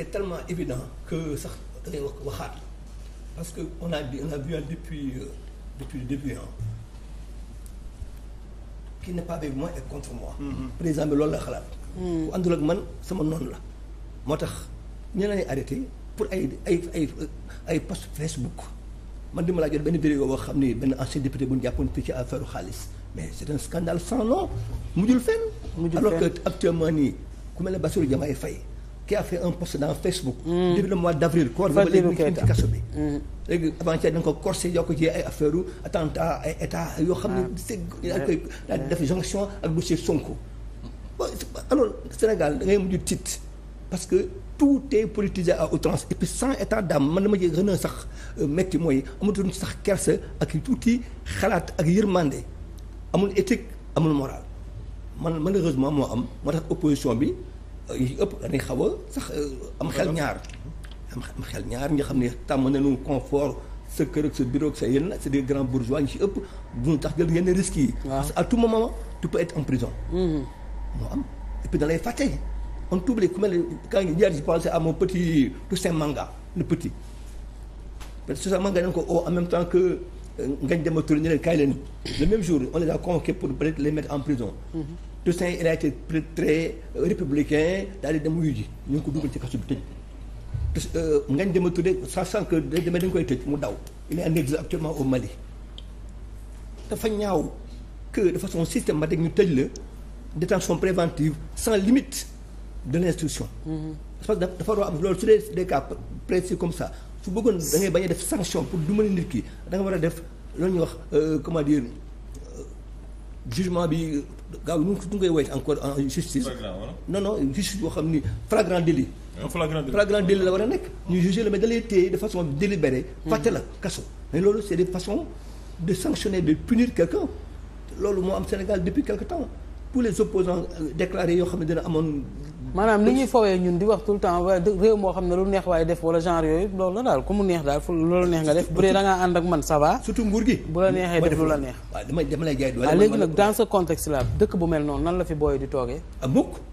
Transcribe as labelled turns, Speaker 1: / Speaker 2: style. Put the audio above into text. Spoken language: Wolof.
Speaker 1: c'est tellement évident que sax da waxaat parce que on a on a vu depuis euh, depuis le début hein, qui n'est pas avec moi est contre moi. Mm-hmm. président loolu la xalaat. Mm. ku àndul ak man sama noonu la. moo tax ñu ne arrêté pour ay ay ay ay post Facebook man dama laa jot benn vidéo boo xam ni benn ancien député bu ñu jàppante ci affaire xaalis mais c'est un scandale sans nom mujjul fenn. mujjul que actuellement nii ku mel ne Bassirou Diomaye fay qui a fait un post Facebook. Mm. depuis le mois d' avril. koor ba léegi ñu ngi ci kaso bi. Mm. léegi avant ko corsé ci ay affaire u attentat yoo xam ne. Ah. daal ah. koy daal def jonction ak dossier Sonko. bon Sénégal da ngay mujj tiit parce que tout est a à outrance et puis sans état d'âme man dama jël gën a sax euh, métti mooy amatuñ sax kersa ak tuuti xalaat ak yërmande amul éthique amul morale man malheureusement moo am moo tax opposition bi. yi ëpp dañuy xaw sax euh, am xel ñaar am xel ñaar nga xam ne tàmm nañu confort sa kër ak sa bureau ak sa yenn c'est des grands bourgeois ñu si ëpp bu ñu tax jël yenn risques yi. parce que à tout moment tu peux être en prison. Mm-hmm. moo am et puis da lay fàtte on t'oublie ku mel Manga le petit parce que Toussaint Manga dañ ko oo en même temps que euh, Ngagne Demba Touré ñu leen kaay leen le même jour on les a convoqués pour peut-être les mettre en prison. Mm-hmm. Toussaint il a été très euh, républicain daal di dem wuyu ji ñu ngi ko dugal ci kaso bi tëj euh, ngañ dema tudde sa sànq deme dañ koy tëj mu daw il est en exil actuellement au Mali dafa ñaaw que de façon systématique ñu tëj la détention préventive sans limite de l'instruction mm-hmm. parce que dafa war am loolu su dee des cas précis comme ça su bëggoon da ngay a def sanction pour du mën a danga war a def loolu ñuy wax euh, comment dire jugement bi gaaw nu ñu koy woowee encore en justice. non non justice boo xam ni flagrant délit. flagrant délit la war a nekk. ñu juger la mais da lay téye de façon délibérée. Hmm. fàtte la kaso mais loolu c' est des façons de sanctionner de punir quelqu'un loolu moo am Sénégal depuis quelque temps pour les opposants euh, déclarés yoo xam ne dina amoon. maanaam ni ñuy fowee ñun di wax tout le temps waaye réew moo xam ne lu neex waaye def wala genre yooyu loolu la daal ku mu neex daal fu loolu neex nga def bu dee da ngaa ànd ak man ça va surtout nguur gi bu la neexee def lu la neex waaw ah, léegi nag dans ce contexte là dëkk bu mel noonu nan la fi booy di toogee ah,